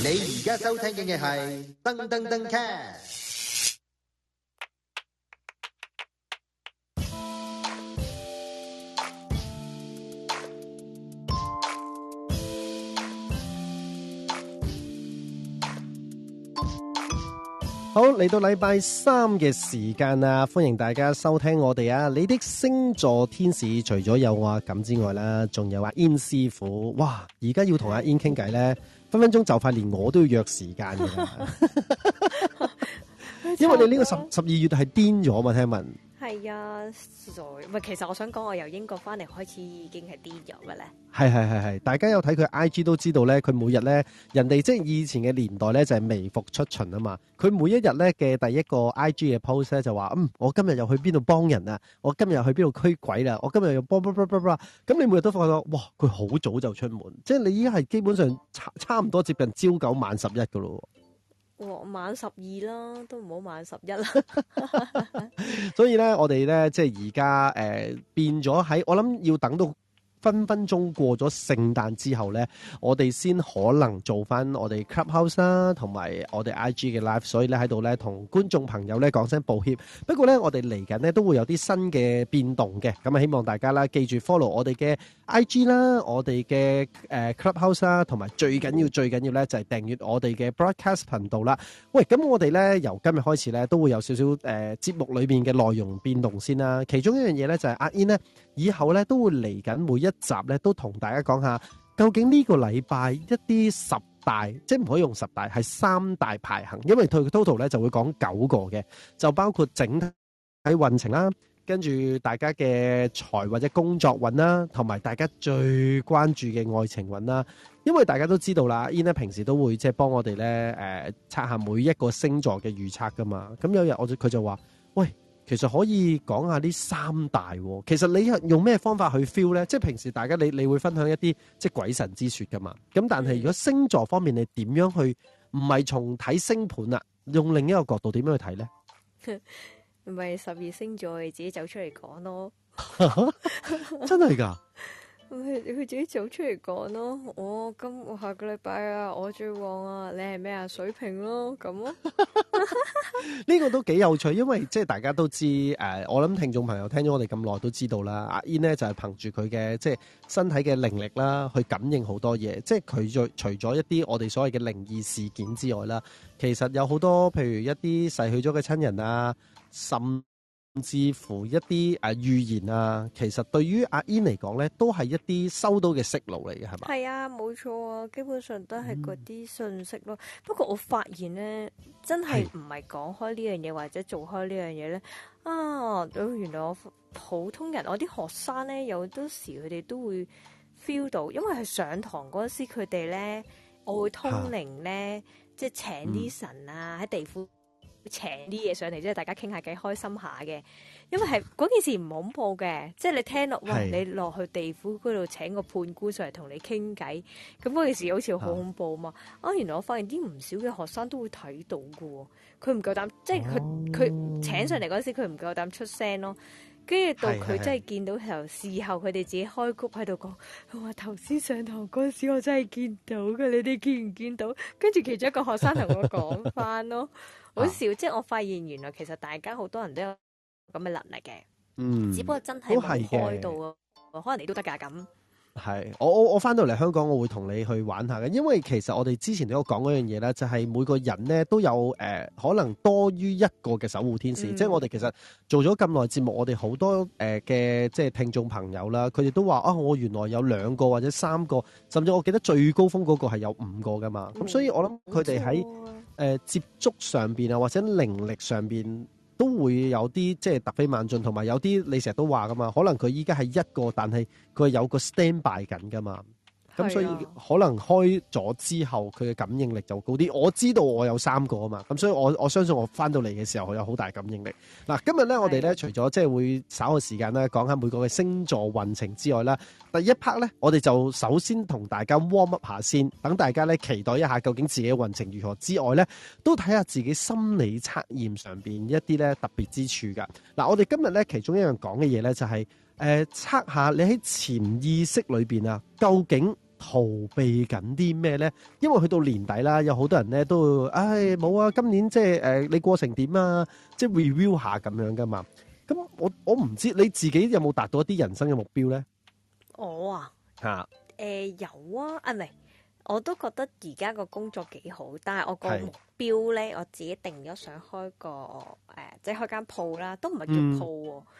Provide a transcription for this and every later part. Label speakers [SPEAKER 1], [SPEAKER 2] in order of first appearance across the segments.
[SPEAKER 1] 你而家收聽嘅係噔噔噔 cast
[SPEAKER 2] 好嚟，到禮拜三嘅時間啊，歡迎大家收聽我哋啊！你的星座天使除咗有，有阿錦之外啦，仲有阿煙師傅。哇！而家要同阿煙傾偈咧，分分鐘就快連我都要約時間㗎喇。 因為你呢個十十二 月係癲咗嘛？聽聞。
[SPEAKER 3] 係啊，傻！唔係，其實我想講，我由英國翻嚟開始已經係癲
[SPEAKER 2] 咗嘅咧。係係係係，大家有睇佢 I G 都知道咧，佢每日咧，人哋即係以前嘅年代咧，就係微服出巡啊嘛。佢每一日咧，嘅第一個 I G 嘅 post 咧，就話嗯，我今日又去邊度幫人啊，我今日又去邊度驅鬼啦、啊，我今日又咁，你每日都發覺哇，佢好早就出門，即係你依家係基本上差差唔多接近朝九晚十一噶咯
[SPEAKER 3] 晚十二啦，都唔好晚十一啦 。
[SPEAKER 2] 所以咧，我哋咧即係而家誒變咗喺，我諗要等到。分分鐘過咗聖誕之後呢，我哋先可能做翻我哋 clubhouse 啦，同埋我哋 IG 嘅 live，所以咧，喺度呢同觀眾朋友呢講聲抱歉。不過呢，我哋嚟緊呢都會有啲新嘅變動嘅，咁啊希望大家啦記住 follow 我哋嘅 IG 啦，我哋嘅 clubhouse 啦，同埋最緊要最緊要呢就係訂閱我哋嘅 broadcast 頻道啦。喂，咁我哋呢，由今日開始呢，都會有少少誒、呃、節目裏面嘅內容變動先啦。其中一樣嘢呢，就係阿 Ian 呢以後咧都會嚟緊每一集咧都同大家講下，究竟呢個禮拜一啲十大，即係唔可以用十大，係三大排行，因為 total 咧就會講九個嘅，就包括整體運程啦，跟住大家嘅財或者工作運啦，同埋大家最關注嘅愛情運啦。因為大家都知道啦，Ian 平時都會即係幫我哋咧誒測下每一個星座嘅預測㗎嘛。咁有日我佢就話，喂！其實可以講下呢三大喎、哦，其實你用咩方法去 feel 咧？即係平時大家你你會分享一啲即係鬼神之説噶嘛？咁但係如果星座方面你點樣去？唔係從睇星盤啦，用另一個角度點樣去睇咧？
[SPEAKER 3] 唔 係十二星座你自己走出嚟講咯，
[SPEAKER 1] 真係㗎。
[SPEAKER 3] 佢自己走出嚟講咯，我、哦、今下個禮拜啊，我最旺啊，你係咩啊？水瓶咯，咁咯。
[SPEAKER 2] 呢 個都幾有趣，因為即係大家都知、呃、我諗聽眾朋友聽咗我哋咁耐都知道啦。阿燕呢，就係、是、憑住佢嘅即係身體嘅靈力啦，去感應好多嘢。即係佢除咗一啲我哋所謂嘅靈異事件之外啦，其實有好多譬如一啲逝去咗嘅親人啊，甚甚至乎一啲誒預言啊，其實對於阿 e 嚟講咧，都係一啲收到嘅息號嚟
[SPEAKER 3] 嘅，係嘛？係啊，冇錯啊，基本上都係嗰啲信息咯、嗯。不過我發現咧，真係唔係講開呢樣嘢或者做開這件事呢樣嘢咧啊！原來我普通人，我啲學生咧，有啲時佢哋都會 feel 到，因為係上堂嗰時，佢哋咧，我會通靈咧、啊，即係請啲神啊喺、嗯、地府。請啲嘢上嚟，即係大家傾下偈，開心下嘅。因為係嗰件事唔恐怖嘅，即係你聽落，哇！你落去地府嗰度請個判官上嚟同你傾偈，咁嗰件事好似好恐怖嘛啊嘛哦、啊，原來我發現啲唔少嘅學生都會睇到㗎喎，佢唔夠膽，即係佢佢請上嚟嗰時，佢唔夠膽出聲咯。跟住到佢真係見到，由事後佢哋自己開谷喺度講，佢話頭先上堂嗰時，我真係見到嘅，你哋見唔見到？跟住其中一個學生同我講翻咯。好笑、啊！即係我發現原來其實大家好多人都有咁嘅能力嘅，
[SPEAKER 1] 嗯，只不
[SPEAKER 3] 過真係冇開到咯。可能你都得㗎咁。
[SPEAKER 2] 係我我我翻到嚟香港，我會同你去玩下嘅。因為其實我哋之前都有講嗰樣嘢咧，就係、是、每個人咧都有、呃、可能多於一個嘅守護天使。嗯、即係我哋其實做咗咁耐節目，我哋好多誒嘅、呃、即係聽眾朋友啦，佢哋都話啊，我原來有兩個或者三個，甚至我記得最高峰嗰個係有五個㗎嘛。咁所以我諗佢哋喺。嗯誒、呃、接觸上面啊，或者靈力上面都會有啲即係突飛猛進，同埋有啲你成日都話噶嘛，可能佢依家係一個，但係佢係有個 standby 緊噶嘛。咁所以可能開咗之後，佢嘅感應力就高啲。我知道我有三個啊嘛，咁所以我我相信我翻到嚟嘅時候我有好大感應力。嗱、啊，今日咧我哋咧除咗即係會稍後時間咧講下每個嘅星座運程之外啦，第一 part 咧我哋就首先同大家 warm up 下先，等大家咧期待一下究竟自己嘅運程如何之外咧，都睇下自己心理測驗上面一啲咧特別之處㗎。嗱、啊，我哋今日咧其中一樣講嘅嘢咧就係、是、誒、呃、測下你喺潛意識裏面啊，究竟？逃避緊啲咩咧？因為去到年底啦，有好多人咧都會，唉，冇啊！今年即係呃，你過程點啊？即係 review 下咁樣噶嘛？咁我我唔知你自己有冇達到一啲人生嘅目標咧？
[SPEAKER 3] 我啊嚇、呃、有啊，啊唔係，我都覺得而家個工作幾好，但係我個目標咧，我自己定咗想開個呃，即係開間鋪啦，都唔係叫鋪喎、啊嗯。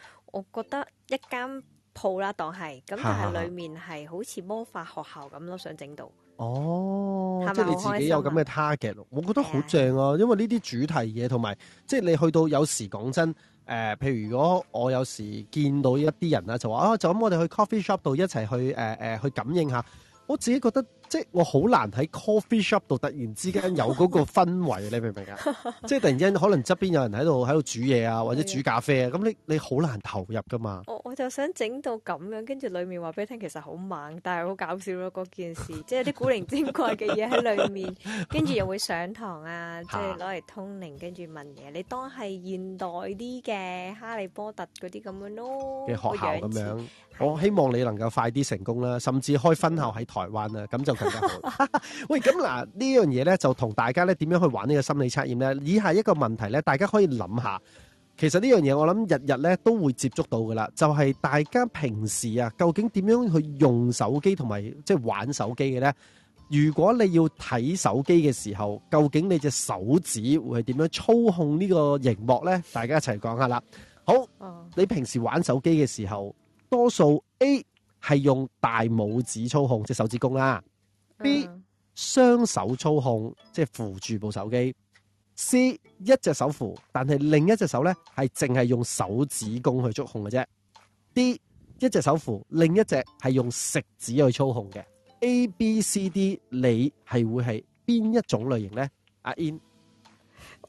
[SPEAKER 3] 我覺得一間。鋪啦，當係咁，但係裏面係好似魔法學校咁咯、啊，想整
[SPEAKER 2] 到哦，是是啊、即係你自己有咁嘅 target，我覺得好正啊，啊，因為呢啲主題嘢同埋，即係你去到有時講真，誒、呃，譬如如果我有時見到一啲人啦，就話啊，就咁我哋去 coffee shop 度一齊去，誒、呃、誒去感應下，我自己覺得。即係我好難喺 coffee shop 度突然之間有嗰個氛圍， 你明唔白明 啊？即係突然間可能側邊有人喺度喺度煮嘢啊，或者煮咖啡啊，咁你你好難投入噶嘛。我
[SPEAKER 3] 我就想整到咁樣，跟住裏面話俾你聽，其實好猛，但係好搞笑咯、啊、嗰件事，即係啲古靈精怪嘅嘢喺裏面，跟 住又會上堂啊，即係攞嚟通靈，跟住問嘢。你當係現代啲嘅哈利波特嗰啲咁樣咯嘅學校咁樣，
[SPEAKER 2] 我希望你能夠快啲成功啦、啊，甚至開分校喺台灣啊，咁就。 喂，咁嗱呢樣嘢呢，就同大家呢點樣去玩呢個心理測驗呢？以下一個問題呢，大家可以諗下。其實樣天天呢樣嘢我諗日日呢都會接觸到噶啦，就係、是、大家平時啊，究竟點樣去用手機同埋即係玩手機嘅呢？如果你要睇手機嘅時候，究竟你隻手指會係點樣操控呢個熒幕呢？大家一齊講下啦。好、哦，你平時玩手機嘅時候，多數 A 係用大拇指操控，即係手指公啦。B 雙手操控，即係扶住部手機。C 一隻手扶，但係另一隻手呢隻手咧係淨係用手指公去操控嘅啫。D 一隻手扶，另一隻係用食指去操控嘅。A、B、C、D，你係會係邊一種類型咧？阿 In。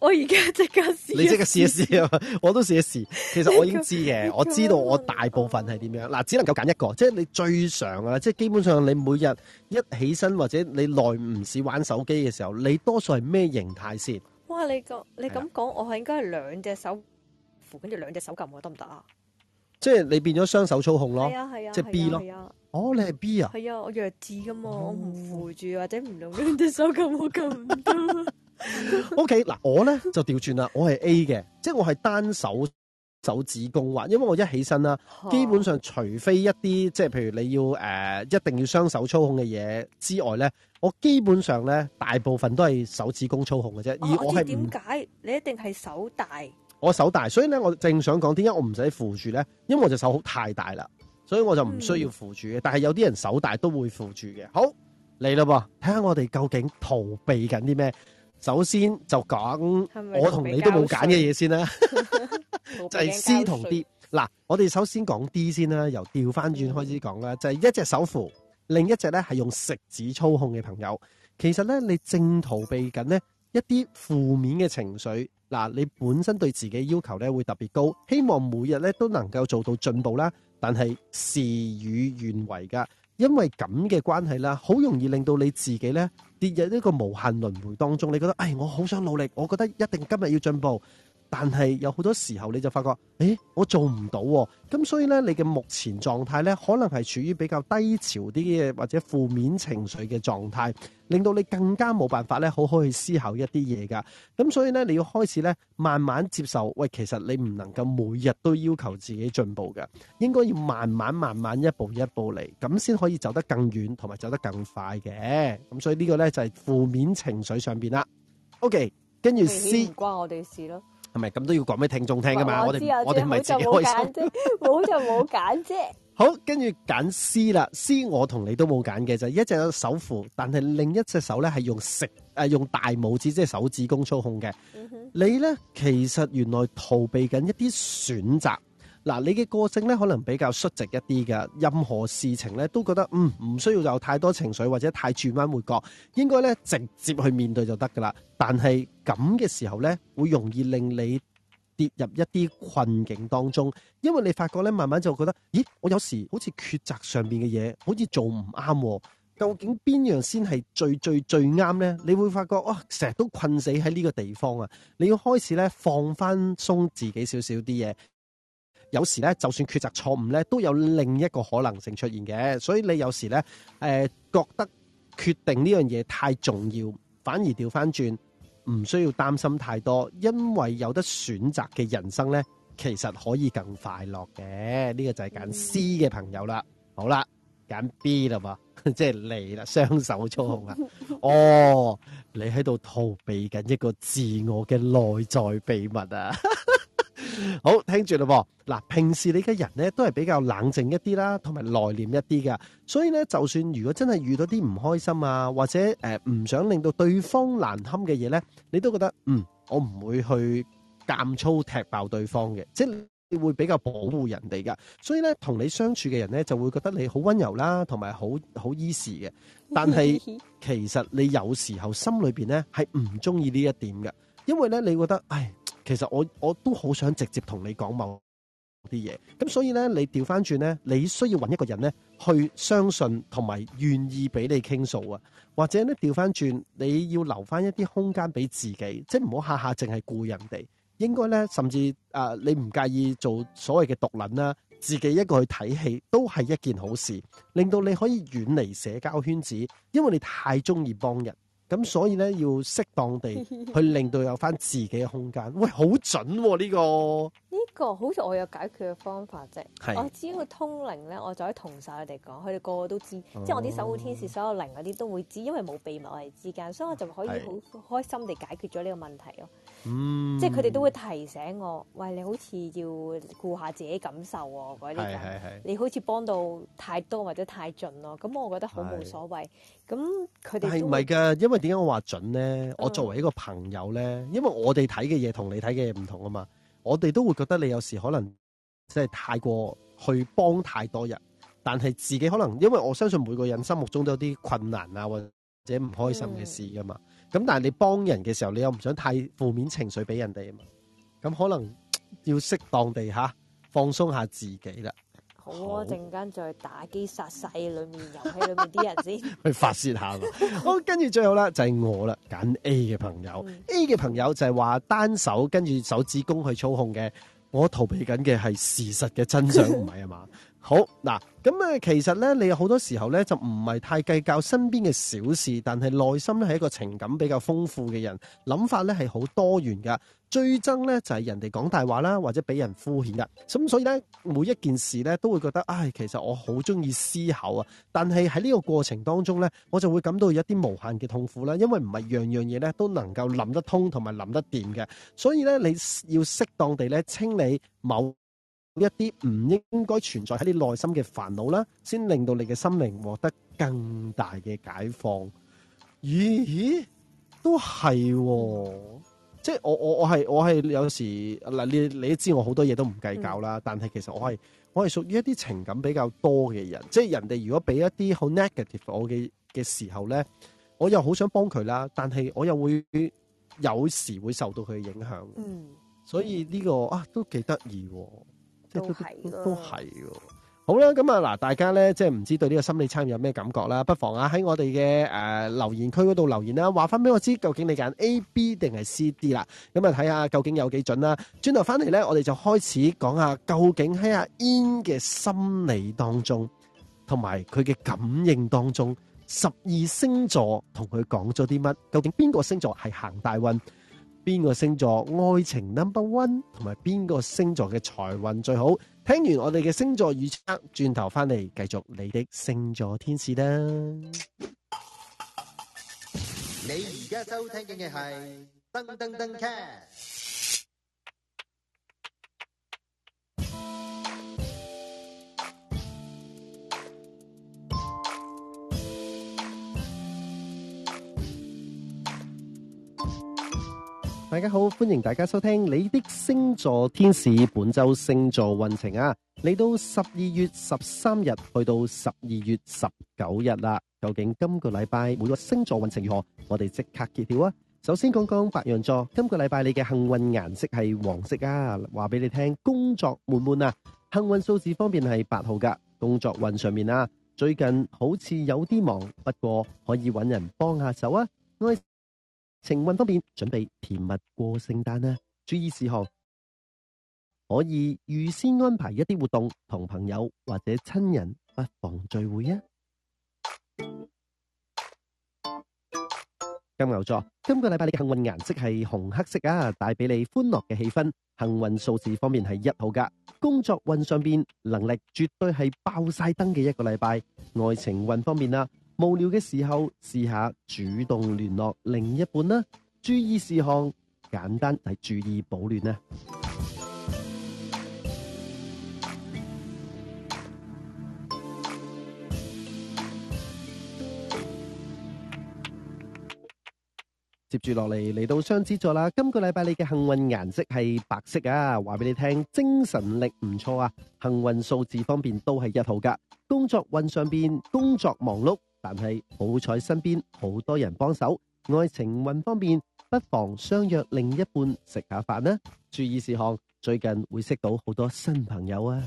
[SPEAKER 3] 我而
[SPEAKER 1] 家即刻試，你即刻試一試啊！試
[SPEAKER 2] 試 我都試一試。其實我已經知嘅，這個這個，我知道我大部分係點樣。嗱、哦，只能夠揀一個，即係你最常啊，即係基本上你每日一起身或者你耐唔時玩手機嘅時候，你多數係咩形態先？
[SPEAKER 3] 哇！你個你咁講，啊，我係應該係兩隻手扶緊住兩隻手撳啊，得唔得啊？
[SPEAKER 2] 即係你變咗雙手操控咯，係啊係啊，即係，啊就是，B 咯是，啊是啊是啊。哦，你係
[SPEAKER 3] B 啊？係啊，我弱智噶嘛，哦，我唔扶住或者唔用兩隻手撳， 我撳唔到。
[SPEAKER 2] O K 嗱，我咧就調轉啦。我係 A 嘅，即係我係單手手指公滑。因為我一起身啦，基本上除非一啲即係，譬如你要誒、呃，一定要雙手操控嘅嘢之外咧，我基本上咧大部分都係手指公操控嘅啫。而我係點解
[SPEAKER 3] 你一定係手大？
[SPEAKER 2] 我手大，所以咧我正想講，點解我唔使扶住咧？因為我隻手好太大啦，所以我就唔需要扶住嘅、嗯。但係有啲人手大都會扶住嘅。好嚟啦喎，睇下我哋究竟逃避緊啲咩？首先就講我同你都冇揀嘅嘢先啦，
[SPEAKER 1] 就係 C 同 D。
[SPEAKER 2] 嗱，我哋首先講 D 先啦，由掉返轉開始講啦，就係一隻手扶，另一隻咧係用食指操控嘅朋友。其實咧，你正逃避緊呢一啲負面嘅情緒。嗱，你本身對自己要求咧會特別高，希望每日咧都能夠做到進步啦。但係事與願違㗎，因為咁嘅關係啦，好容易令到你自己咧，跌入呢個無限輪回當中，你覺得，唉，我好想努力，我覺得一定今日要進步。但係有好多時候你就發覺，誒，我做唔到喎。咁所以呢，你嘅目前狀態呢，可能係處於比較低潮啲嘅或者負面情緒嘅狀態，令到你更加冇辦法咧好好去思考一啲嘢㗎。咁所以呢，你要開始呢，慢慢接受，喂，其實你唔能夠每日都要求自己進步嘅，應該要慢慢慢慢一步一步嚟，咁先可以走得更遠同埋走得更快嘅。咁所以呢個呢，就係、是、負面情緒上面啦。O、okay, K，跟住 C
[SPEAKER 3] 關我哋事咯。
[SPEAKER 2] 係咪咁都要講俾聽眾聽噶嘛？我哋我哋唔係自己開心
[SPEAKER 3] 啫？冇就冇揀啫。
[SPEAKER 2] 好，跟住揀 C 啦，C 我同你都冇揀嘅就一隻手扶，但係另一隻手咧係用食誒、啊、用大拇指即係手指公操控嘅、嗯。你咧其實原來逃避緊一啲選擇。嗱，你嘅個性咧可能比較率直一啲嘅，任何事情咧都覺得嗯，唔需要有太多情緒或者太轉彎抹角，應該咧直接去面對就得噶啦。但係咁嘅時候咧，會容易令你跌入一啲困境當中，因為你發覺咧慢慢就覺得，咦，我有時好似抉擇上邊嘅嘢好似做唔啱，究竟邊樣先係最最最啱咧？你會發覺，哇、哦，成日都困死喺呢個地方啊！你要開始咧放翻鬆自己少少啲嘢。有時咧，就算抉擇錯誤咧，都有另一個可能性出現嘅。所以你有時咧，誒、呃、覺得決定呢樣嘢太重要，反而調翻轉，唔需要擔心太多，因為有得選擇嘅人生咧，其實可以更快樂嘅。呢、這個就係揀 C 嘅朋友啦、嗯。好啦，揀 B 啦嘛，即係你啦，雙手操控啊！ 哦，你喺度逃避緊一個自我嘅內在秘密啊！ 好，聽住啦，嗱，平時你嘅人咧都係比較冷靜一啲啦，同埋內斂一啲嘅，所以咧就算如果真係遇到啲唔開心啊，或者誒唔、呃、想令到對方難堪嘅嘢咧，你都覺得嗯，我唔會去咁粗踢爆對方嘅，即係你會比較保護人哋噶，所以咧同你相處嘅人咧就會覺得你好温柔啦，同埋好好 easy 嘅，但係 其實你有時候心裏邊咧係唔中意呢一點嘅，因為咧你覺得唉。其實我我都好想直接同你講某啲嘢，咁所以呢，你調翻轉呢，你需要揾一個人呢去相信同埋願意俾你傾訴啊，或者呢，調翻轉，你要留翻一啲空間俾自己，即係唔好下下淨係顧人哋，應該呢，甚至、呃、你唔介意做所謂嘅獨撚啦，自己一個去睇戲都係一件好事，令到你可以遠離社交圈子，因為你太中意幫人。咁所以咧，要適當地去令到有翻自己嘅空間。喂，好準喎、啊、呢、這個！
[SPEAKER 3] 呢、這個好似我有解決嘅方法啫。我只要通靈咧，我就喺同晒佢哋講，佢哋個個都知、哦。即係我啲守護天使、所有靈嗰啲都會知，因為冇秘密我哋之間，所以我就可以好開心地解決咗呢個問題咯。嗯，
[SPEAKER 1] 即係佢哋都會
[SPEAKER 3] 提醒我，喂，你好似要顧下自己感受喎，嗰啲咁。你好似幫到太多或者太盡咯，咁我覺得好冇所謂。咁
[SPEAKER 1] 佢哋係唔係
[SPEAKER 2] 噶？因為點解我話準咧、嗯？我作為一個朋友咧，因為我哋睇嘅嘢同你睇嘅嘢唔同啊嘛。我哋都會覺得你有時可能即係太過去幫太多人，但係自己可能因為我相信每個人心目中都有啲困難啊或者唔開心嘅事噶嘛。咁、嗯、但係你幫人嘅時候，你又唔想太負面情緒俾人哋啊嘛。咁可能要適當地吓放鬆下自己啦。
[SPEAKER 3] 好啊！陣間再打機殺世裏面 遊戲裏面啲人先
[SPEAKER 2] 去發泄下 好，跟住最後啦，就係我啦，揀 A 嘅朋友。嗯、A 嘅朋友就係話單手跟住手指公去操控嘅。我逃避緊嘅係事實嘅真相，唔係啊嘛？ 好嗱，咁其實咧，你有好多時候咧就唔係太計較身邊嘅小事，但係內心咧係一個情感比較豐富嘅人，諗法咧係好多元噶。最憎咧就係人哋講大話啦，或者俾人敷衍嘅。咁所以咧，每一件事咧都會覺得，唉、哎，其實我好中意思考啊。但係喺呢個過程當中咧，我就會感到有一啲無限嘅痛苦啦，因為唔係樣樣嘢咧都能夠諗得通同埋諗得掂嘅。所以咧，你要適當地咧清理某一啲唔應該存在喺你內心嘅煩惱啦，先令到你嘅心靈獲得更大嘅解放。咦？都係、哦，即係我我我係我係有時嗱，你你知都知我好多嘢都唔計較啦。嗯、但係其實我係我係屬於一啲情感比較多嘅人，即係人哋如果俾一啲好 negative 我嘅嘅時候咧，我又好想幫佢啦。但係我又會有時會受到佢嘅影響。嗯，所以呢、呢個啊都幾得意。
[SPEAKER 1] 都係，都
[SPEAKER 2] 係喎。好啦，咁啊嗱，大家咧即係唔知對呢個心理測驗有咩感覺啦，不妨啊喺我哋嘅誒留言區嗰度留言啦，話翻俾我知究竟你揀 A、B 定係 C、D 啦，咁啊睇下究竟有幾準啦。轉頭翻嚟咧，我哋就開始講下究竟喺阿 Ian 嘅心理當中，同埋佢嘅感應當中，十二星座同佢講咗啲乜？究竟邊個星座係行大運？邊個星座愛情 number one，同埋邊個星座嘅財運最好？聽完我哋嘅星座預測，轉頭返嚟繼續你的星座天使啦！
[SPEAKER 1] 你而家收聽緊嘅係噔噔噔 cast。
[SPEAKER 2] 大家好，歡迎大家收聽你的星座天使本周星座運程啊，嚟到十二月十三日去到十二月十九日啦。究竟今個禮拜每個星座運程如何？我哋即刻揭曉啊！首先講講白羊座，今個禮拜你嘅幸運顏色係黃色啊，話俾你聽，工作滿滿啊，幸運數字方面係八號噶，工作運上面啊，最近好似有啲忙，不過可以揾人幫下手啊。情運方面準備甜蜜過聖誕啦！注意事項，可以預先安排一啲活動，同朋友或者親人不妨聚會啊！金牛座，今個禮拜你嘅幸運顏色係紅黑色啊，帶俾你歡樂嘅氣氛。幸運數字方面係一號噶，工作運上邊，能力絕對係爆晒燈嘅一個禮拜。愛情運方面啊。無聊嘅時候，試下主動聯絡另一半啦。注意事項，簡單係注意保暖啊。接住落嚟嚟到雙子座啦。今個禮拜你嘅幸運顏色係白色啊。話俾你聽，精神力唔錯啊。幸運數字方面都係一號噶。工作運上面，工作忙碌。但係好彩，身邊好多人幫手。愛情運方面，不妨相約另一半食下飯啦。注意事項，最近會識到好多新朋友啊！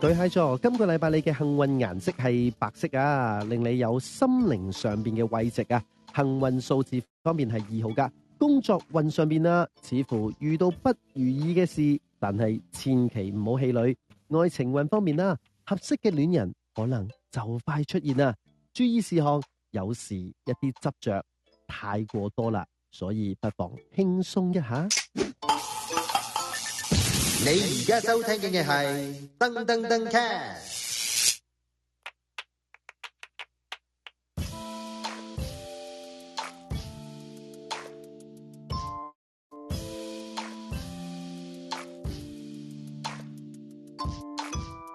[SPEAKER 2] 巨蟹座，今個禮拜你嘅幸運顏色係白色啊，令你有心靈上邊嘅慰藉啊。幸運數字方面係二號㗎。工作運上邊啊，似乎遇到不如意嘅事，但係千祈唔好氣餒。愛情運方面啦，合適嘅戀人可能就快出現啦。注意事項，有時一啲執着太過多啦，所以不妨輕鬆一下。
[SPEAKER 1] 你而家收聽嘅係《噔噔噔 c a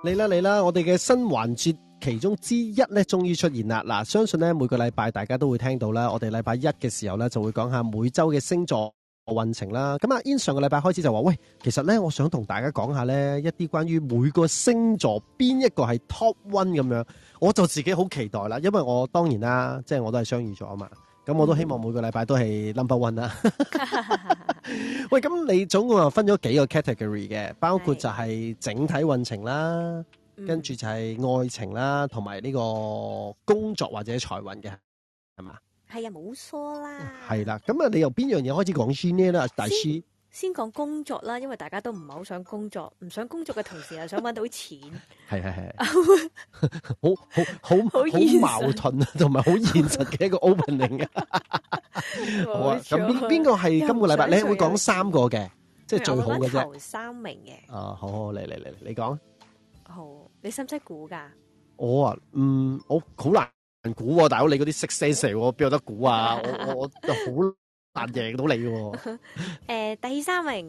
[SPEAKER 2] 嚟啦嚟啦！我哋嘅新環節其中之一咧，終於出現啦！嗱，相信咧每個禮拜大家都會聽到啦。我哋禮拜一嘅時候咧，就會講下每週嘅星座運程啦。咁啊 Ian 上個禮拜開始就話，喂，其實咧，我想同大家講下咧，一啲關於每個星座邊一個係 Top One 咁樣。我就自己好期待啦，因為我當然啦，即係我都係雙魚座啊嘛。咁、嗯、我都希望每個禮拜都係 number one 啦。喂，咁你總共又分咗幾個 category 嘅，包括就係整體運程啦，跟住就係愛情啦，同埋呢個工作或者財運嘅，係嘛？
[SPEAKER 3] 係啊，冇錯啦。
[SPEAKER 2] 係 啦，咁啊，你由邊樣嘢開始講先呢？咧、嗯，大師
[SPEAKER 3] 先講工作啦，因為大家都唔係好想工作，唔想工作嘅同時又想揾到錢，
[SPEAKER 2] 係係係，好好好好矛盾 好啊，同埋好現實嘅一個 opening
[SPEAKER 1] 啊。咁邊邊個係今個禮拜、啊？你會講
[SPEAKER 2] 三個嘅，即係最好嘅啫。頭
[SPEAKER 3] 三名嘅
[SPEAKER 2] 啊，好好嚟嚟嚟，你講。
[SPEAKER 3] 好，你識唔識估㗎？
[SPEAKER 2] 我啊，嗯，我好難估喎、啊。大佬，你嗰啲識 sense 喎，邊 有得估啊？我我我好。難贏到你喎。
[SPEAKER 3] 誒，第三名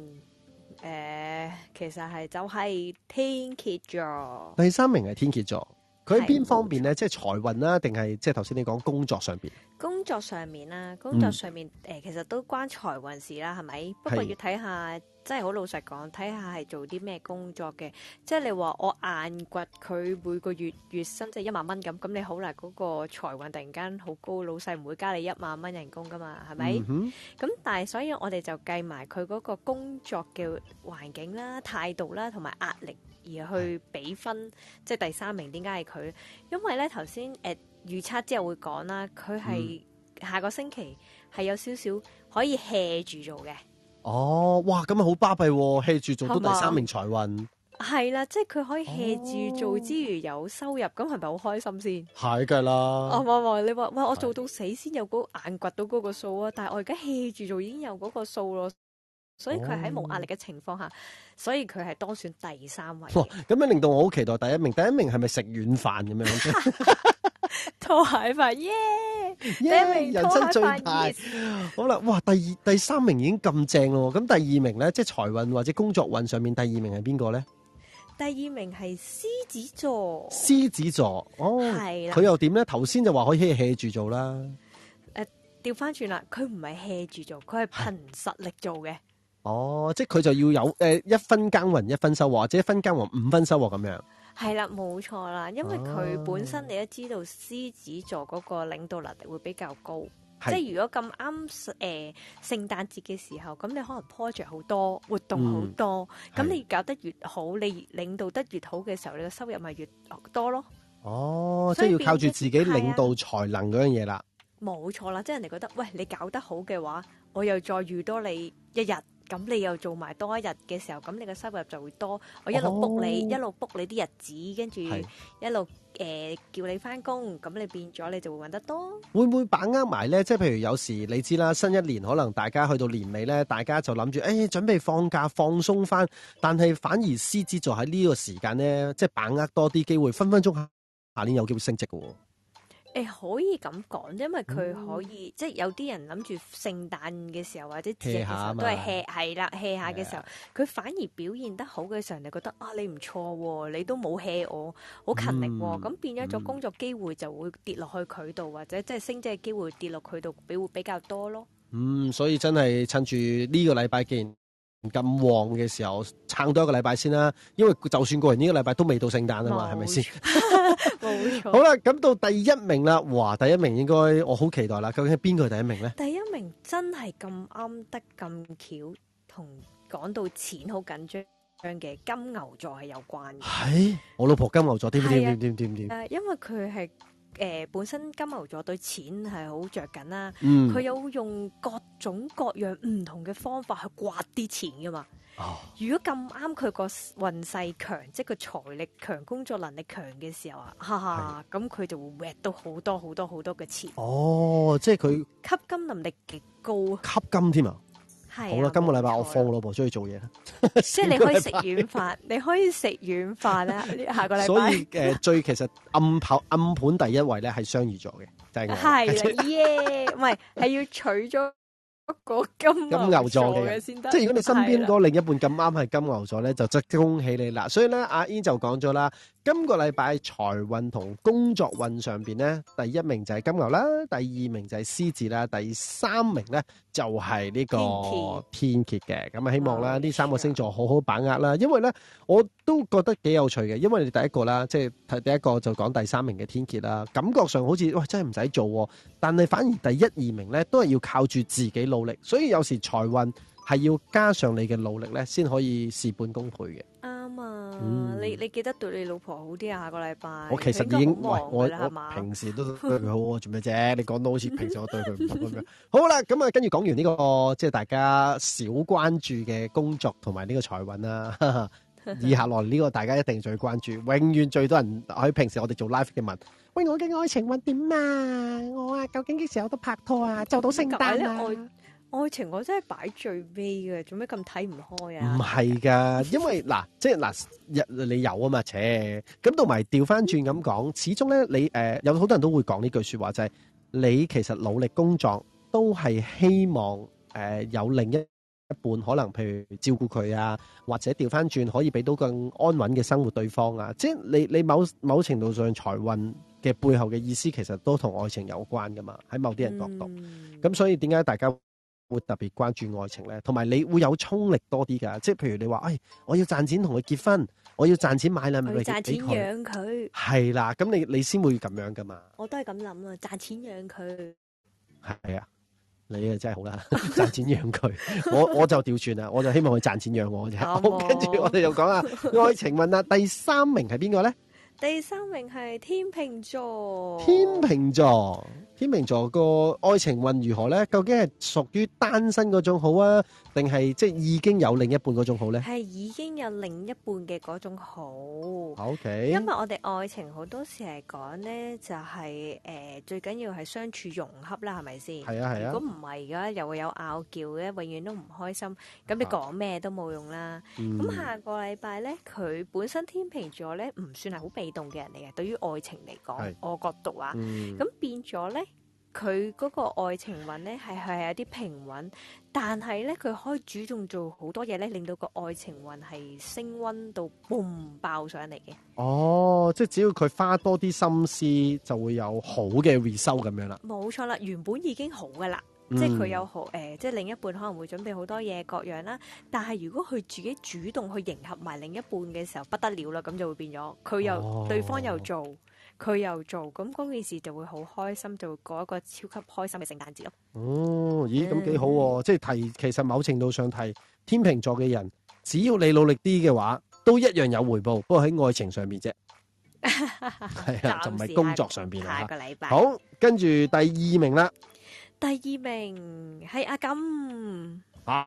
[SPEAKER 3] 誒、呃，其實係就係天蠍座。
[SPEAKER 2] 第三名係天蠍座，佢喺邊方面咧？即係財運啦，定係即係頭先你講工作上邊？
[SPEAKER 3] 工作上面啦，啊，工作上面誒、嗯呃，其實都關財運事啦，係咪？不過要睇下。真係好老實講，睇下係做啲咩工作嘅。即係你話我硬掘佢每個月月薪即係一萬蚊咁，咁你好難嗰個財運突然間好高，老細唔會加你一萬蚊人工㗎嘛，係咪？咁但係所以我哋就計埋佢嗰個工作嘅環境啦、態度啦、同埋壓力而去比分，即係第三名點解係佢？因為咧頭先誒預測之後會講啦，佢係下個星期係有少少可以 hea 住做嘅。
[SPEAKER 2] 哦，哇，咁啊好巴閉喎。hea 住做到第三名財運，
[SPEAKER 3] 係啦，即係佢可以 hea 住做之餘有收入，咁係咪好開心先？
[SPEAKER 2] 係噶啦。哦，
[SPEAKER 3] 唔係，你話哇，我做到死先有眼掘到嗰個數啊，但係我而家 hea 住做已經有嗰個數咯，所以佢喺冇壓力嘅情況下，哦，所以佢係當選第三位。哇，
[SPEAKER 2] 哦，咁樣令到我好期待第一名，第一名係咪食軟飯咁樣？
[SPEAKER 3] 拖鞋牌耶！第一名拖鞋牌，好
[SPEAKER 2] 啦，yes! 哇，第二、第三名已經咁正咯，咁第二名咧？即係財運或者工作運上面，第二名是呢，第二名係邊個
[SPEAKER 3] 咧？第二名係獅子座，
[SPEAKER 2] 獅子座哦，係啦，佢又點咧？頭先就話可以 hea 住做啦，
[SPEAKER 3] 誒、呃，調翻轉啦，佢唔係 hea 住做，佢係憑實力做嘅。
[SPEAKER 2] 哦，即係佢就要有誒、呃，一分耕耘一分收穫，或者一分耕耘五分收穫咁樣。
[SPEAKER 3] 係啦，冇錯啦，因為佢本身你都知道獅子座嗰個領導能力會比較高，啊、即係如果咁啱誒聖誕節嘅時候，咁你可能 project 好多，活動好多，咁、嗯、你搞得越好，你領導得越好嘅時候，你嘅收入咪越多咯。
[SPEAKER 2] 哦，即係要靠住自己領導才能嗰樣嘢啦。
[SPEAKER 3] 冇錯啦，即係人哋覺得，喂，你搞得好嘅話，我又再遇多你一日。咁你又做埋多一日嘅時候，咁你嘅收入就會多。我一路 book 你，oh. 一路 book 你啲日子，跟住一路誒、呃、叫你翻工，咁你變咗你就會搵得多。
[SPEAKER 2] 會唔會把握埋呢？即係譬如有時你知啦，新一年可能大家去到年尾呢，大家就諗住誒準備放假放鬆翻，但係反而獅子座喺呢個時間呢，即係把握多啲機會，分分鐘下，下年有機會升職喎、哦。
[SPEAKER 3] 誒可以咁講，因為佢可以、嗯、即係有啲人諗住聖誕嘅時候或者節日嘅時候都係 hea，係啦 hea 下嘅時候，佢反而表現得好嘅時候，你覺得啊你唔錯喎，你都冇 hea 我，好勤力喎、哦，咁、嗯、變咗做工作機會就會跌落去佢度、嗯，或者即係升職嘅機會跌落佢度比會比較多咯。
[SPEAKER 2] 嗯，所以真係趁住呢個禮拜見。咁旺嘅時候撐多一個禮拜先啦，因為就算過完呢個禮拜都未到聖誕啊嘛，係咪先？冇錯。好啦，咁到第一名啦，哇！第一名應該我好期待啦，究竟係邊個第一名咧？
[SPEAKER 3] 第一名真係咁啱得咁巧，同講到錢好緊張嘅金牛座係有關嘅。係
[SPEAKER 2] 我老婆金牛座，點點點點
[SPEAKER 1] 點點。誒，
[SPEAKER 3] 因為佢係。呃、本身金牛座對錢係好著緊啦、啊，佢、嗯、有用各種各樣唔同嘅方法去刮啲錢㗎嘛、啊。如果咁啱佢個運勢強，即係佢財力強、工作能力強嘅時候啊，哈哈，咁佢、嗯、就會搣到好多好多好多嘅錢。
[SPEAKER 2] 哦，即係佢
[SPEAKER 3] 吸金能力極高，
[SPEAKER 2] 吸金添啊！係、啊、好啦，今個禮拜我放我老婆出去做嘢啦，即係你可以食軟
[SPEAKER 3] 飯， 你可以食軟飯啦。 下個禮拜 所以誒、呃、
[SPEAKER 2] 最其實暗跑暗盤第一位咧係雙魚座嘅，就係、是、我係啊
[SPEAKER 3] 耶，唔係係要娶咗個金金牛座嘅先得，即係如果你身邊嗰另
[SPEAKER 2] 一半咁啱係金牛座咧，就即恭喜你啦。所以咧，阿英就講咗啦。今個禮拜財運同工作運上邊咧，第一名就係金牛啦，第二名就係獅子啦，第三名咧就係呢個天蠍嘅。咁啊，希望啦呢三個星座好好把握啦，因為咧我都覺得幾有趣嘅，因為你哋第一個啦，即係睇第一個就講第三名嘅天蠍啦，感覺上好似喂真係唔使做，但係反而第一二名咧都係要靠住自己努力，所以有時財運。係要加上你嘅努力咧，先可以事半功倍嘅。啱啊！
[SPEAKER 3] 你你記得對你老婆好啲啊！下個禮拜我其實已經，喂，我我
[SPEAKER 2] 平時都對佢好啊，做咩啫？你講到好似平時我對佢唔好咁樣。好啦，咁啊，跟住講完呢個即係大家少關注嘅工作同埋呢個財運啊。
[SPEAKER 1] 以下落
[SPEAKER 2] 嚟呢個大家一定最關注，永遠最多人喺平時我哋做 live 嘅問：喂，我嘅愛情運點啊？我啊，究竟幾時有得拍拖啊？做到聖誕啊？
[SPEAKER 3] 愛情我真係擺最尾嘅，做咩咁睇唔
[SPEAKER 2] 開啊？唔係噶，因為嗱， 即係嗱，你有啊嘛？切，咁同埋調翻轉咁講，始終咧你誒、呃、有好多人都會講呢句說話，就係，就係你其實努力工作都係希望誒、呃、有另一一半，可能譬如照顧佢啊，或者調翻轉可以俾到更安穩嘅生活對方啊。即係你你某某程度上財運嘅背後嘅意思，其實都同愛情有關噶嘛。喺某啲人角度，咁、嗯、所以點解大家會特別關注愛情咧，同埋你會有衝力多啲噶，即係譬如你話，誒、哎，我要賺錢同佢結婚，我要賺錢買禮物嚟俾佢，賺錢養佢，係啦，咁你你先會咁樣噶嘛？
[SPEAKER 3] 我都係咁諗啊，賺錢養佢。
[SPEAKER 2] 係啊，你啊真係好啦，賺錢養佢， 我我就掉轉啦，我就希望佢賺錢養我啫。跟 住我哋就講啊，愛情運啦，第三名係邊個咧？
[SPEAKER 3] 第三名係天秤座，天
[SPEAKER 2] 秤座，天秤座個愛情運如何呢？究竟係屬於單身嗰種好啊？定係即係已經有另一半嗰種好咧？係
[SPEAKER 3] 已經有另一半嘅嗰種好。
[SPEAKER 2] O K。因為
[SPEAKER 3] 我哋愛情好多時係講咧，就係、是呃、最緊要係相處融洽啦，係咪先？係啊係啊。如果唔係嘅，又會有拗撬嘅，永遠都唔開心。咁你講咩都冇用啦。咁、uh -huh. 下個禮拜咧，佢本身天秤座咧唔算係好被動嘅人嚟嘅，對於愛情嚟講，我角度啊，咁、uh -huh. 變咗咧。佢嗰個愛情運咧係係有啲平穩，但係咧佢可以主動做好多嘢咧，令到個愛情運係升溫到半爆上嚟嘅。
[SPEAKER 2] 哦，即係只要佢花多啲心思，就會有好嘅回收咁樣啦。
[SPEAKER 3] 冇錯啦，原本已經好噶啦、嗯，
[SPEAKER 2] 即係佢有
[SPEAKER 3] 好誒、呃，即係另一半可能會準備好多嘢各樣啦。但係如果佢自己主動去迎合埋另一半嘅時候，不得了啦，咁就會變咗佢又、哦、對方又做。佢又做，咁嗰件事就會好開心，就會過一個超級開心嘅聖誕節咯。
[SPEAKER 2] 哦，咦，咁幾好喎、啊嗯！即係提，其實某程度上提天秤座嘅人，只要你努力啲嘅話，都一樣有回報。不過喺愛情上面啫，係 啊，就唔係工作上面。啦。下個禮拜好，跟住第二名啦。
[SPEAKER 3] 第二名係阿金。啊，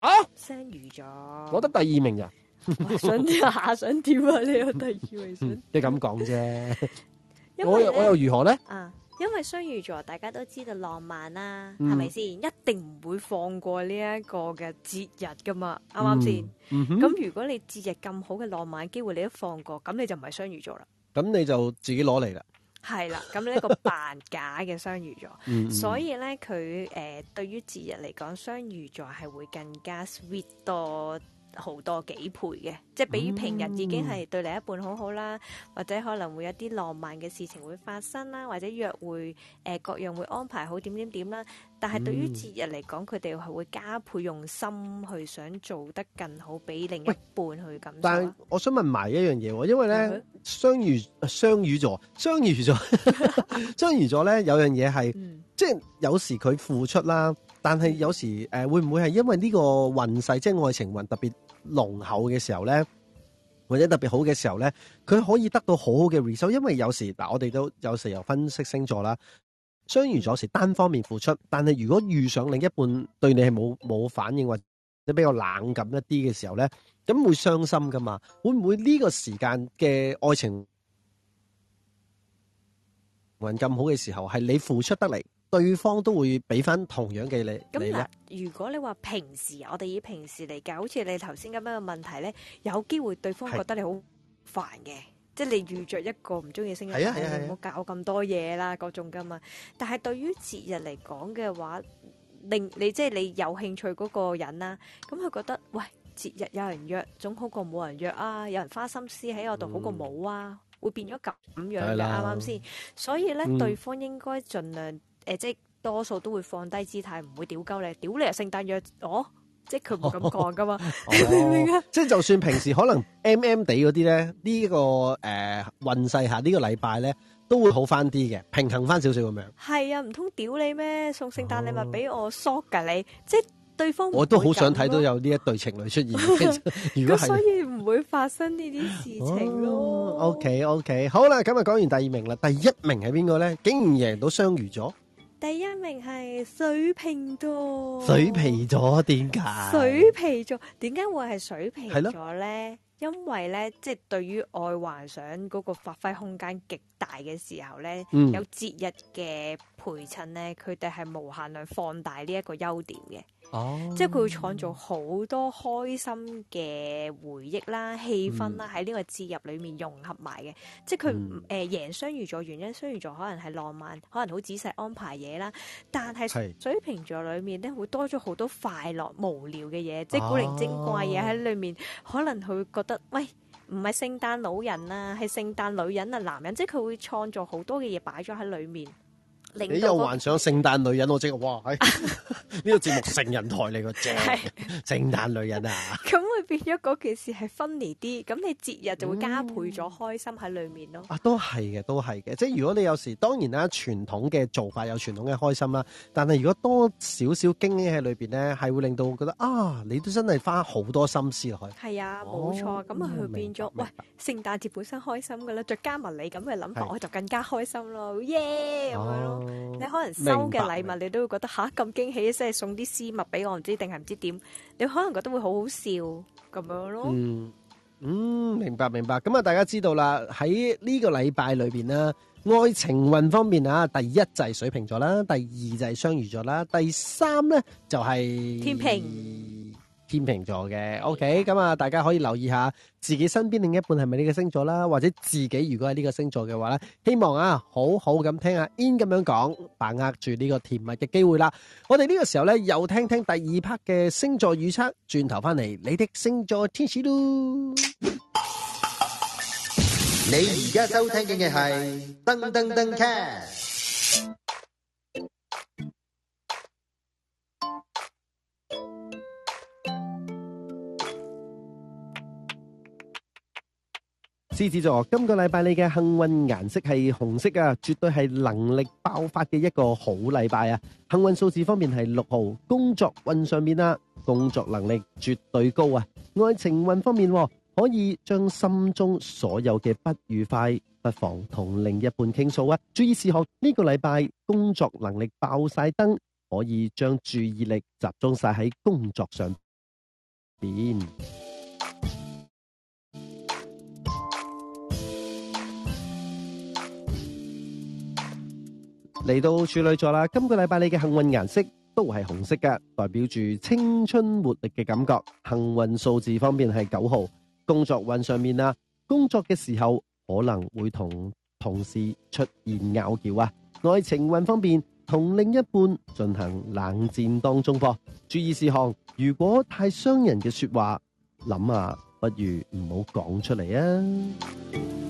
[SPEAKER 3] 好。相咗。我
[SPEAKER 2] 得第二名咋、
[SPEAKER 1] 啊？ 想下、啊、想點啊？
[SPEAKER 2] 你有第二位先？ 你咁講啫。
[SPEAKER 1] 我又如何呢？
[SPEAKER 3] 啊，因為雙魚座大家都知道浪漫啦，啊，係咪先？一定唔會放過呢一個嘅節日噶嘛，啱啱先？咁，嗯、如果你節日咁好嘅浪漫機會你都放過，咁你就唔係雙魚座啦。
[SPEAKER 2] 咁你就自己攞嚟啦。
[SPEAKER 3] 係啦，咁呢一個扮假嘅雙魚座， 所以呢，佢誒、呃，對於節日嚟講，雙魚座係會更加 sweet 多。好多幾倍嘅，即係比平日、嗯、已經係對另一半好好啦，或者可能會有啲浪漫嘅事情會發生啦，或者約會誒、呃、各樣會安排好點點點啦。但係對於節日嚟講，佢哋係會加倍用心去想做得更好，俾另一半去咁。但
[SPEAKER 2] 係我想問埋一樣嘢，因為咧雙魚雙魚座，雙魚座，雙 魚座咧有樣嘢係、嗯，即係有時佢付出啦，但係有時誒、呃、會唔會係因為呢個運勢，即係愛情運特別，濃厚嘅時候咧，或者特別好嘅時候咧，佢可以得到好好嘅回收，因為有時，嗱我哋都有時又分析星座啦。雙魚座有時單方面付出，但係如果遇上另一半對你係冇冇反應或者比較冷感一啲嘅時候咧，咁會傷心噶嘛，會唔會呢個時間嘅愛情運咁好嘅時候，係你付出得嚟，對方都會俾翻同樣嘅你。咁
[SPEAKER 3] 嗱，如果你話平時，我哋以平時嚟計，好似你頭先咁樣嘅問題咧，有機會對方覺得你好煩嘅，即係你遇著一個唔中意星期六，你唔好搞我咁多嘢啦，各種噶嘛。但係對於節日嚟講嘅話，令你即係你有興趣嗰個人啦，咁佢覺得，喂，節日有人約總好過冇人約啊，有人花心思喺我度好過冇啊，會變咗咁樣嘅啱唔啱先？所以咧，對方應該盡量。誒，即係多數都會放低姿態，唔會屌鳩你，屌你啊！聖誕約我、哦，即係佢唔敢講噶嘛，哦、 你
[SPEAKER 2] 明唔明啊？即係就算平時可能 M M 地嗰啲咧，呢、 呢個誒運勢下呢、呢個禮拜咧都會好翻啲嘅，平衡翻少少咁樣。
[SPEAKER 3] 係啊，唔通屌你咩送聖誕禮、哦、物俾我 short 噶你？即係對方會我都好想睇，到有
[SPEAKER 2] 呢一對情侶出現。咁 果是 所以
[SPEAKER 3] 唔會發生呢啲事情咯、
[SPEAKER 2] 哦、？OK OK，好啦，咁啊講完第二名啦，第一名係邊個咧？竟然贏到雙魚咗。
[SPEAKER 3] 第一名係水瓶座，
[SPEAKER 2] 水瓶座點解？水
[SPEAKER 3] 瓶座點解會係水瓶座呢？因為呢，即係對於愛幻想嗰個發揮空間極大嘅時候呢，嗯，有節日嘅陪襯呢，佢哋係無限量放大呢一個優點嘅。哦，即係佢會創造好多開心嘅回憶啦、氣氛啦，喺、嗯、呢個節日裏面融合埋嘅、嗯。即係佢誒贏雙魚座原因，雙魚座可能係浪漫，可能好仔細安排嘢啦。但係水瓶座裏面咧會多咗好多快樂、無聊嘅嘢，即係古靈精怪嘢喺裏面，哦、可能佢覺得喂唔係聖誕老人啊，係聖誕女人啊、男人，即係佢會創造好多嘅嘢擺咗喺裏面。那個、你又幻想
[SPEAKER 2] 聖誕女人我，我即係哇！呢、哎、 個節目成人台嚟嘅啫，聖誕女人啊！
[SPEAKER 3] 咁 會變咗嗰件事係 funny 啲，咁你節日就會加倍咗開心喺裏面咯、
[SPEAKER 2] 嗯。啊，都係嘅，都係嘅。即、就、係、是、如果你有時當然啦，傳統嘅做法有傳統嘅開心啦，但係如果多少少驚喜喺裏邊咧，係會令到我覺得啊，你都真係花好多心思落去。
[SPEAKER 3] 係啊，冇錯。咁、哦、啊，就變咗喂，聖誕節本身開心㗎啦，再加埋你咁嘅諗法，我就更加開心咯，耶、yeah, 哦！
[SPEAKER 1] 你可能收嘅禮物，
[SPEAKER 3] 你都會覺得吓，咁驚喜，即係送啲絲襪俾我，唔知定係唔知點？你可能覺得會好好笑咁樣
[SPEAKER 2] 咯。嗯，嗯、明白明白。咁啊，大家知道啦，喺呢個禮拜裏邊啦，愛情運方面啊，第一就係水瓶座啦，第二就係雙魚座啦，第三咧就係、是、天秤。天秤座嘅，OK，咁啊，大家可以留意下自己身邊另一半係咪呢個星座啦，或者自己如果係呢個星座嘅話咧，希望啊好好咁聽下 Ian 咁樣講，把握住呢個甜蜜嘅機會啦。我哋呢個時候咧又聽聽第二 part 嘅星座預測，轉頭翻嚟你嘅星座
[SPEAKER 1] 天使咯。你而家收聽緊嘅係噔噔噔 cat。
[SPEAKER 2] 獅子座，今個禮拜你嘅幸運顏色係紅色啊，絕對係能力爆發嘅一個好禮拜啊！幸運數字方面係六號，工作運上面啊，工作能力絕對高啊！愛情運方面啊，可以將心中所有嘅不愉快，不妨同另一半傾訴啊！注意事項呢、呢個禮拜工作能力爆晒燈，可以將注意力集中晒喺工作上邊。嚟到處女座啦，今個禮拜你嘅幸運顏色都係紅色嘅，代表住青春活力嘅感覺。幸運數字方面係九號，工作運上面啊，工作嘅時候可能會同同事出現拗撬啊。愛情運方面，同另一半進行冷戰當中噃。注意事項，如果太傷人嘅說話，諗下啊，不如唔好講出嚟啊。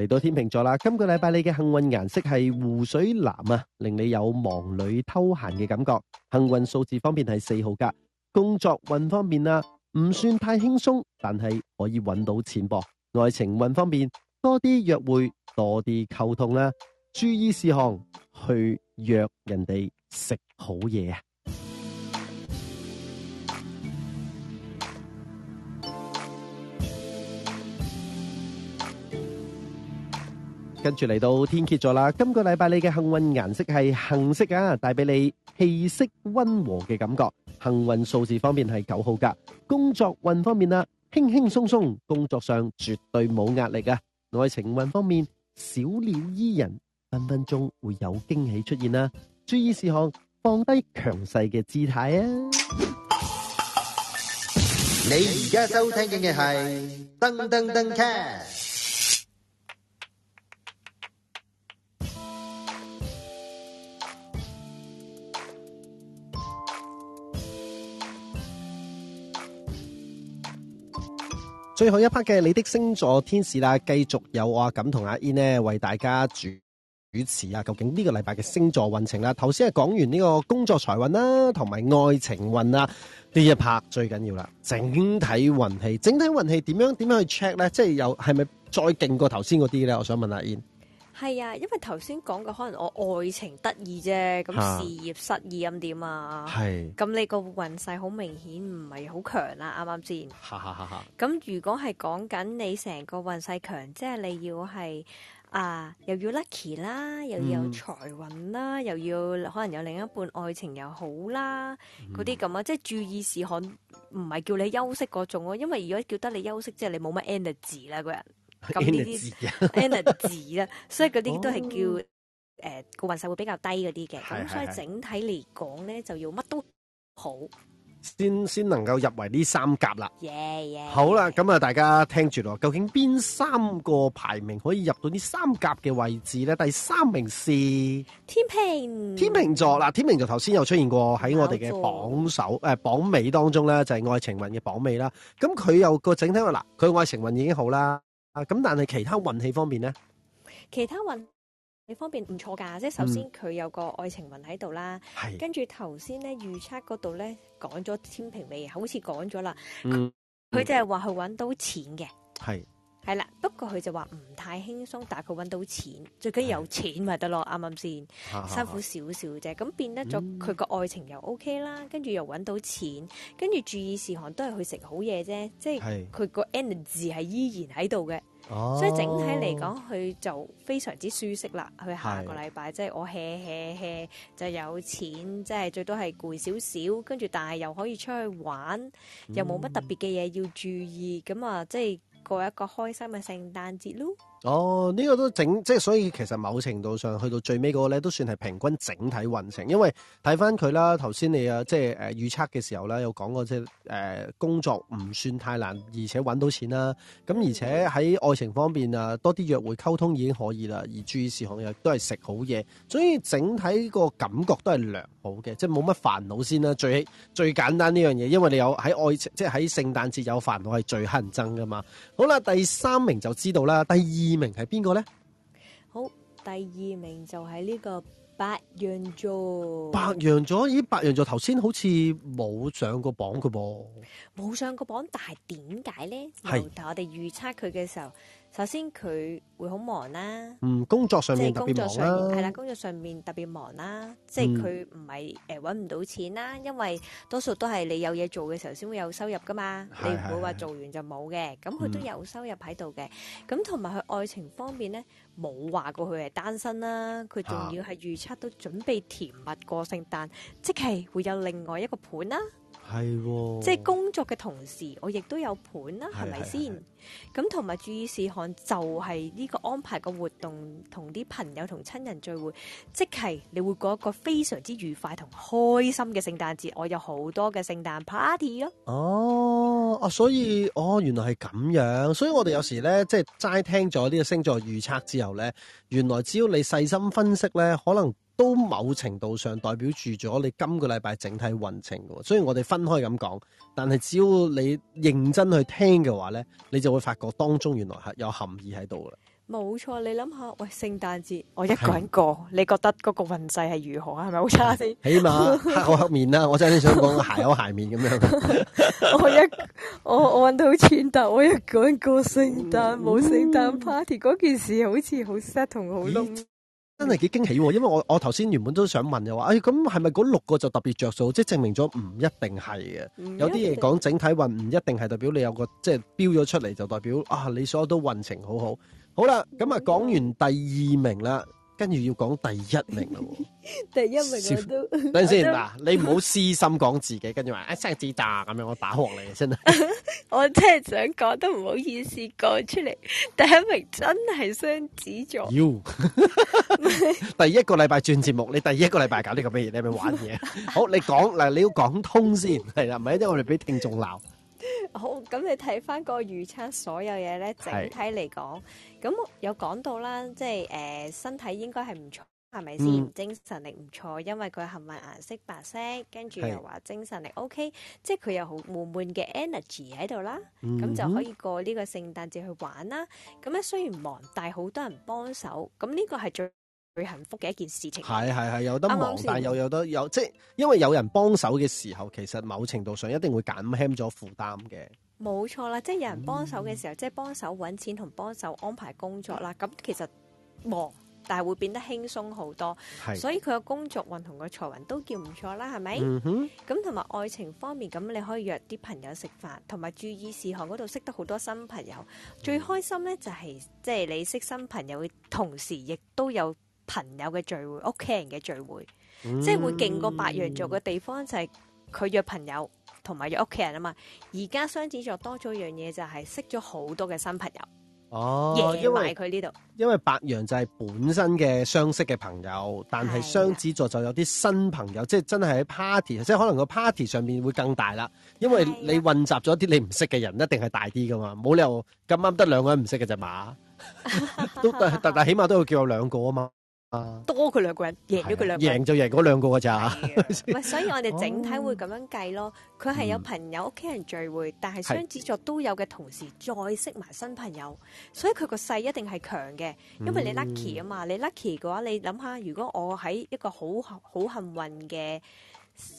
[SPEAKER 2] 嚟到天秤座啦，今個禮拜你嘅幸運顏色係湖水藍啊，令你有忙裏偷閒嘅感覺。幸運數字方面係四號噶，工作運方面啦、啊，唔算太輕鬆，但係可以搵到錢噃、啊。愛情運方面，多啲約會，多啲溝通啦、啊。注意事項，去約人哋食好嘢啊！跟住嚟到天蠍座啦，今個禮拜你嘅幸運顏色係杏色啊，帶俾你氣息溫和嘅感覺。幸運數字方面係九號噶，工作運方面啦、啊，輕輕鬆鬆，工作上絕對冇壓力啊。愛情運方面，小鳥依人，分分鐘會有驚喜出現啦、啊。注意事項，放低強勢嘅姿態啊！
[SPEAKER 1] 你而家收聽嘅係噔噔噔卡。
[SPEAKER 2] 最後一 part 嘅你的星座天使啦，繼續有我阿錦同阿 in 咧，為大家主主持啊。究竟呢個禮拜嘅星座運程啦，頭先係講完呢個工作財運啦，同埋愛情運啊，呢一 part 最緊要啦。整體運氣，整體運氣點樣？點樣去 check 呢？即係又係咪再勁過頭先嗰啲呢？我想問阿 in。
[SPEAKER 3] 係啊，因為頭先講嘅可能我愛情得意啫，咁事業失意咁點啊？係，咁你個運勢好明顯唔係好強啦、啊，啱啱先？咁、啊啊、如果係講緊你成個運勢強，即係你要係啊，又要 lucky 啦，又要有財運啦、嗯，又要可能有另一半愛情又好啦，嗰啲咁啊，即係注意事項，唔係叫你休息嗰種咯，因為如果叫得你休息，即係你冇乜 energy 啦，個人。咁 g y energy 所以嗰啲都係叫誒個、oh，呃、運勢會比較低嗰啲嘅。咁所以整體嚟講咧，就要乜都好
[SPEAKER 2] 先先能夠入圍呢三甲啦。Yeah,
[SPEAKER 3] yeah, yeah. 好
[SPEAKER 2] 啦，咁啊大家聽住咯，究竟邊三個排名可以入到呢三甲嘅位置咧？第三名是
[SPEAKER 3] 天秤、天秤
[SPEAKER 2] 座啦，天秤座頭先有出現過喺我哋嘅榜首、誒榜尾當中咧，就係、是、愛情運嘅榜尾啦。咁佢又個整體嗱，佢愛情運已經好啦。啊！咁但係其他運氣方面咧，
[SPEAKER 3] 其他運氣方面唔錯噶、嗯，即係首先佢有個愛情運喺度啦。係，跟住頭先咧，預測嗰度咧講咗天平未？好似講咗啦。
[SPEAKER 1] 佢、嗯、就
[SPEAKER 3] 係話去搵到錢嘅。係。係啦，不過佢就話唔太輕鬆，但係佢揾到錢，最緊要有錢咪得咯，啱啱先，辛苦少少啫，咁變得咗佢個愛情又 O、OK、K 啦，嗯、跟住又揾到錢，跟住注意事項都係去食好嘢啫，即係佢個 energy 係依然喺度嘅，所以整體嚟講，佢、哦、就非常之舒適啦。佢下個禮拜即係我 hea hea hea 就有錢，即係最多係攰少少，跟住但係又可以出去玩，又冇乜特別嘅嘢要注意咁啊，即、嗯、係，過一個開心嘅聖誕節咯～
[SPEAKER 2] 哦，呢、這個都整即係，所以其實某程度上去到最尾嗰個咧，都算係平均整體運程，因為睇翻佢啦，頭先你啊即係誒預測嘅時候咧，有講過即係誒工作唔算太難，而且搵到錢啦、啊，咁而且喺愛情方面啊，多啲約會溝通已經可以啦，而注意事項又都係食好嘢，所以整體個感覺都係良好嘅，即係冇乜煩惱先啦，最最簡單呢樣嘢，因為你有喺愛情即係喺聖誕節有煩惱係最乞人憎噶嘛。好啦，第三名就知道啦，第二。二名係邊個咧？
[SPEAKER 3] 好，第二名就係呢個白羊座。白
[SPEAKER 2] 羊座，咦？白羊座頭先好似冇上過榜嘅噃，
[SPEAKER 3] 冇上過榜，但係點解咧？但我哋預測佢嘅時候。首先佢會好忙啦、
[SPEAKER 2] 啊，嗯，工作上面特別忙啦、啊，係啦，工
[SPEAKER 3] 作上面特別忙啦、啊嗯，即係佢唔係誒揾唔到錢啦、啊，因為多數都係你有嘢做嘅時候先會有收入㗎嘛，是是你唔會話做完就冇嘅，咁佢都有收入喺度嘅，咁同埋佢愛情方面咧冇話過佢係單身啦、啊，佢仲要係預測到準備甜蜜過聖誕，啊、即係會有另外一個伴啦、啊。
[SPEAKER 2] 係、哦，即係
[SPEAKER 3] 工作嘅同時，我亦都有盤啦，係咪先？咁同埋注意事項就係、是、呢個安排個活動，同啲朋友同親人聚會，即係你會過一個非常之愉快同開心嘅聖誕節。我有好多嘅聖誕 party 咯。
[SPEAKER 2] 哦，所以哦，原來係咁樣，所以我哋有時呢，即係齋聽咗呢個星座預測之後呢，原來只要你細心分析呢，可能。都某程度上代表住咗你今個禮拜整體運程嘅，雖然我哋分開咁講，但係只要你認真去聽嘅話咧，你就會發覺當中原來係有含義喺度啦。
[SPEAKER 3] 冇錯，你諗下，喂，聖誕節我一個人過，你覺得嗰個運勢係如何啊？係咪好差先？起碼黑口
[SPEAKER 2] 黑面啦， 我真係想講鞋口鞋面咁樣。
[SPEAKER 3] 我一我我揾到錢得，但我一個人過聖誕，冇聖誕 party，嗰件事好似好失同好。
[SPEAKER 2] 真係幾驚喜，因為我我頭先原本都想問就話，哎，咁係咪嗰六個就特別着數？即係證明咗唔一定係嘅，有啲嘢講整體運唔一定係代表你有個即係標咗出嚟就代表啊，你所有都運程好好。好啦，咁啊講完第二名啦。跟住要講第一名咯，
[SPEAKER 3] 第一名我都等陣先嗱，你唔好
[SPEAKER 2] 私心講自己，跟住話雙子座咁樣，我打學你真係，
[SPEAKER 3] 我真係想講都唔好意思講出嚟，第一名真係雙子座。
[SPEAKER 2] 第一個禮拜轉節目，你第一個禮拜搞呢個咩嘢？你係咪玩嘢？好，你講嗱，你要講通先係啦，唔係咧我哋俾聽眾鬧。
[SPEAKER 3] 好，咁你睇返個預測所有嘢，咧，整體嚟講，咁有講到啦，即係誒、呃、身體應該係唔錯，係咪先？精神力唔錯，因為佢係咪顏色白色，跟住又話精神力 OK，即係佢有好滿滿嘅 energy 喺度啦，咁、嗯、就可以過呢個聖誕節去玩啦。咁咧雖然忙，但係好多人幫手，咁呢個係最。最幸福嘅一件事情係係
[SPEAKER 2] 係有得忙，嗯、但又有，有得有，有即因為有人幫手嘅時候，其實某程度上一定會減輕咗負擔嘅。
[SPEAKER 3] 冇錯啦，即係有人幫手嘅時候，嗯、即係幫手搵錢同幫手安排工作啦。咁其實忙，但係會變得輕鬆好多。係，所以佢個工作運同個財運都叫唔錯啦，係咪？嗯哼。咁同埋愛情方面，咁你可以約啲朋友食飯，同埋注意事項嗰度識得好多新朋友。嗯、最開心呢就係即係你識新朋友，同時亦都有。朋友嘅聚會、屋企人嘅聚會，
[SPEAKER 1] 嗯、即係會勁過白羊座
[SPEAKER 3] 嘅地方就係、是、佢約朋友同埋約屋企人啊嘛。而家雙子座多咗樣嘢就係識咗好多嘅新朋友。哦，因為佢呢度，
[SPEAKER 2] 因為白羊就係本身嘅相識嘅朋友，但係雙子座就有啲新朋友，是啊、即係真係喺 party，即係可能個 party 上面會更大啦。因為你混雜咗啲你唔識嘅人是、啊，一定係大啲噶嘛。冇理由咁啱得兩個人唔識嘅啫嘛， 都但 但起碼都要叫有兩個啊嘛。多佢兩個人，贏咗佢兩個人，贏就贏嗰兩個㗎咋？
[SPEAKER 3] 所以我哋整體會咁樣計咯。佢、哦、係有朋友、屋、嗯、企人聚會，但係雙子座都有嘅同時再識埋新朋友，所以佢個勢一定係強嘅。因為你 lucky 啊嘛，嗯、你 lucky 嘅話，你諗下，如果我喺一個好好幸運嘅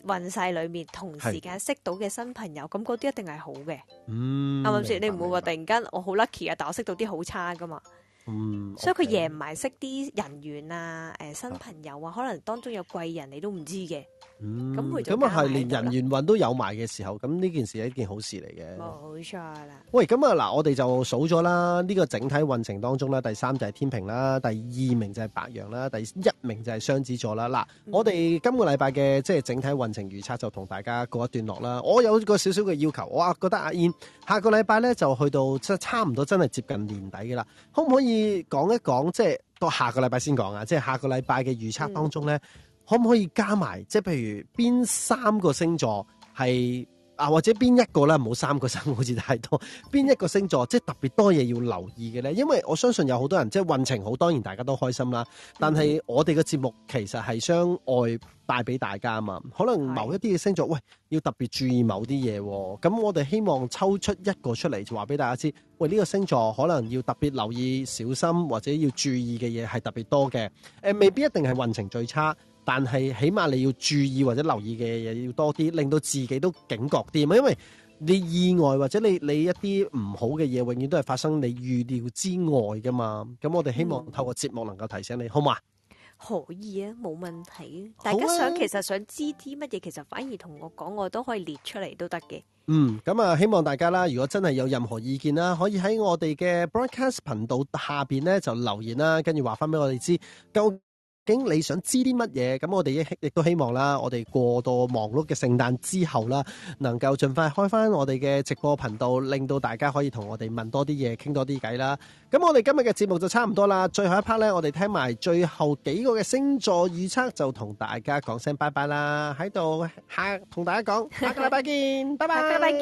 [SPEAKER 3] 運勢裏面，同時間識到嘅新朋友，咁嗰啲一定係好嘅。
[SPEAKER 1] 嗯，啱唔啱先？你
[SPEAKER 3] 唔會話突然間我好 lucky 啊，但我識到啲好差噶嘛？嗯，所以佢夜唔埋識啲人員啊，誒、okay. 新朋友啊，可能當中有貴人你都唔知嘅。
[SPEAKER 2] 嗯，咁咁啊，係連人員運都有埋嘅時候，咁呢件事係一件好事嚟嘅。冇
[SPEAKER 1] 錯啦。
[SPEAKER 2] 喂，咁啊，嗱，我哋就數咗啦。呢個整體運程當中啦，第三就係天秤啦，第二名就係白羊啦，第一名就係雙子座啦。嗱、嗯，我哋今個禮拜嘅即係整體運程預測就同大家過一段落啦。我有個少少嘅要求，我啊覺得阿燕下個禮拜咧就去到即係差唔多真係接近年底嘅啦，可唔可以講一講即係到下個禮拜先講啊？即、就、係、是、下個禮拜嘅預測當中咧？嗯可唔可以加埋？即係譬如邊三個星座係啊，或者邊一個咧？冇三個星好似太多。邊一個星座即係特別多嘢要留意嘅咧？因為我相信有好多人即係運程好，當然大家都開心啦。但係我哋嘅節目其實係想愛帶俾大家啊嘛。可能某一啲嘅星座，喂，要特別注意某啲嘢咁。我哋希望抽出一個出嚟就話俾大家知，喂，呢個星座可能要特別留意小心或者要注意嘅嘢係特別多嘅。誒、呃，未必一定係運程最差。但係，起碼你要注意或者留意嘅嘢要多啲，令到自己都警覺啲啊！因為你意外或者你你一啲唔好嘅嘢，永遠都係發生你預料之外噶嘛。咁我哋希望透過節目能夠提醒你，嗯、好唔好？
[SPEAKER 3] 可以啊，冇問題啊。大家想、啊、其實想知啲乜嘢，其實反而同我講，我都可以列出嚟都得嘅。
[SPEAKER 2] 嗯、咁、嗯、啊，希望大家啦，如果真係有任何意見啦，可以喺我哋嘅 broadcast 頻道下面咧就留言啦，跟住話翻俾我哋知。究竟你想知啲乜嘢？咁我哋亦亦都希望啦，我哋過到忙碌嘅聖誕之後啦，能夠盡快開翻我哋嘅直播頻道，令到大家可以同我哋問多啲嘢，傾多啲偈啦。咁我哋今日嘅節目就差唔多啦，最後一 part 咧，我哋聽埋最後幾個嘅星座預測，就同大家講聲拜拜啦。喺度下同大家講，下個禮拜見，拜拜，拜拜見，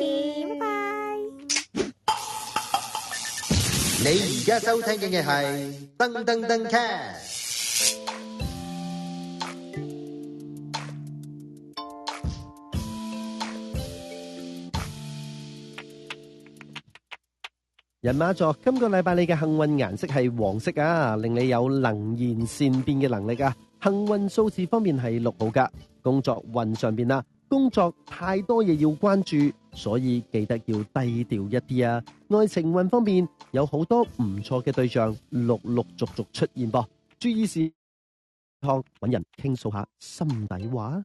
[SPEAKER 2] 拜拜。
[SPEAKER 1] 你而家收聽緊嘅係登登登 c
[SPEAKER 2] 人馬座今個禮拜你嘅幸運顏色係黃色啊，令你有能言善辯嘅能力啊。幸運數字方面係六號㗎，工作運上邊啊，工作太多嘢要關注，所以記得要低調一啲啊。愛情運方面有好多唔錯嘅對象，陸陸續續出現啊噃。注意事項，學搵人傾訴下心底話。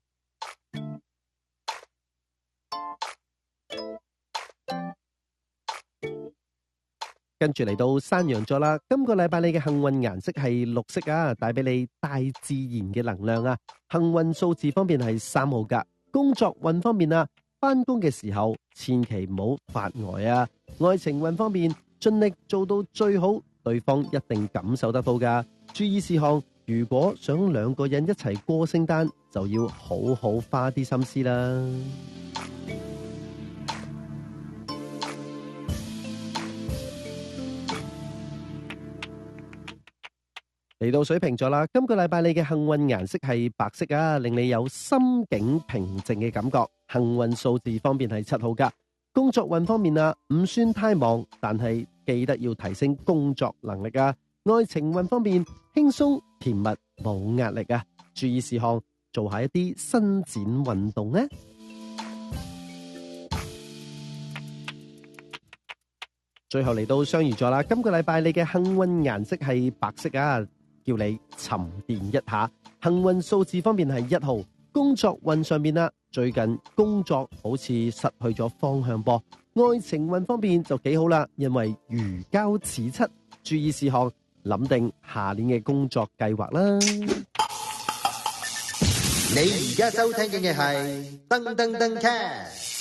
[SPEAKER 2] 跟住嚟到山羊座啦，今個禮拜你嘅幸運顏色係綠色啊，帶俾你大自然嘅能量啊。幸運數字方面係三號噶，工作運方面啊，翻工嘅時候千祈唔好發呆啊。愛情運方面，盡力做到最好，對方一定感受得到噶。注意事項，如果想兩個人一齊過聖誕，就要好好花啲心思啦。嚟到水瓶座啦，今個禮拜你嘅幸運顏色係白色啊，令你有心境平靜嘅感覺。幸運數字方面係七號噶，工作運方面啊，唔算太忙，但係記得要提升工作能力啊。愛情運方面輕鬆甜蜜，冇壓力啊。注意事項，做下一啲伸展運動呢。最後嚟到雙魚座啦，今個禮拜你嘅幸運顏色係白色啊。叫你沉澱一下，幸運數字方面係一號。工作運上面啦，最近工作好似失去咗方向噃。愛情運方面就幾好啦，因為如膠似漆。注意事項，諗定下年嘅工作計劃啦。你而家收聽嘅係登登
[SPEAKER 1] 登 c a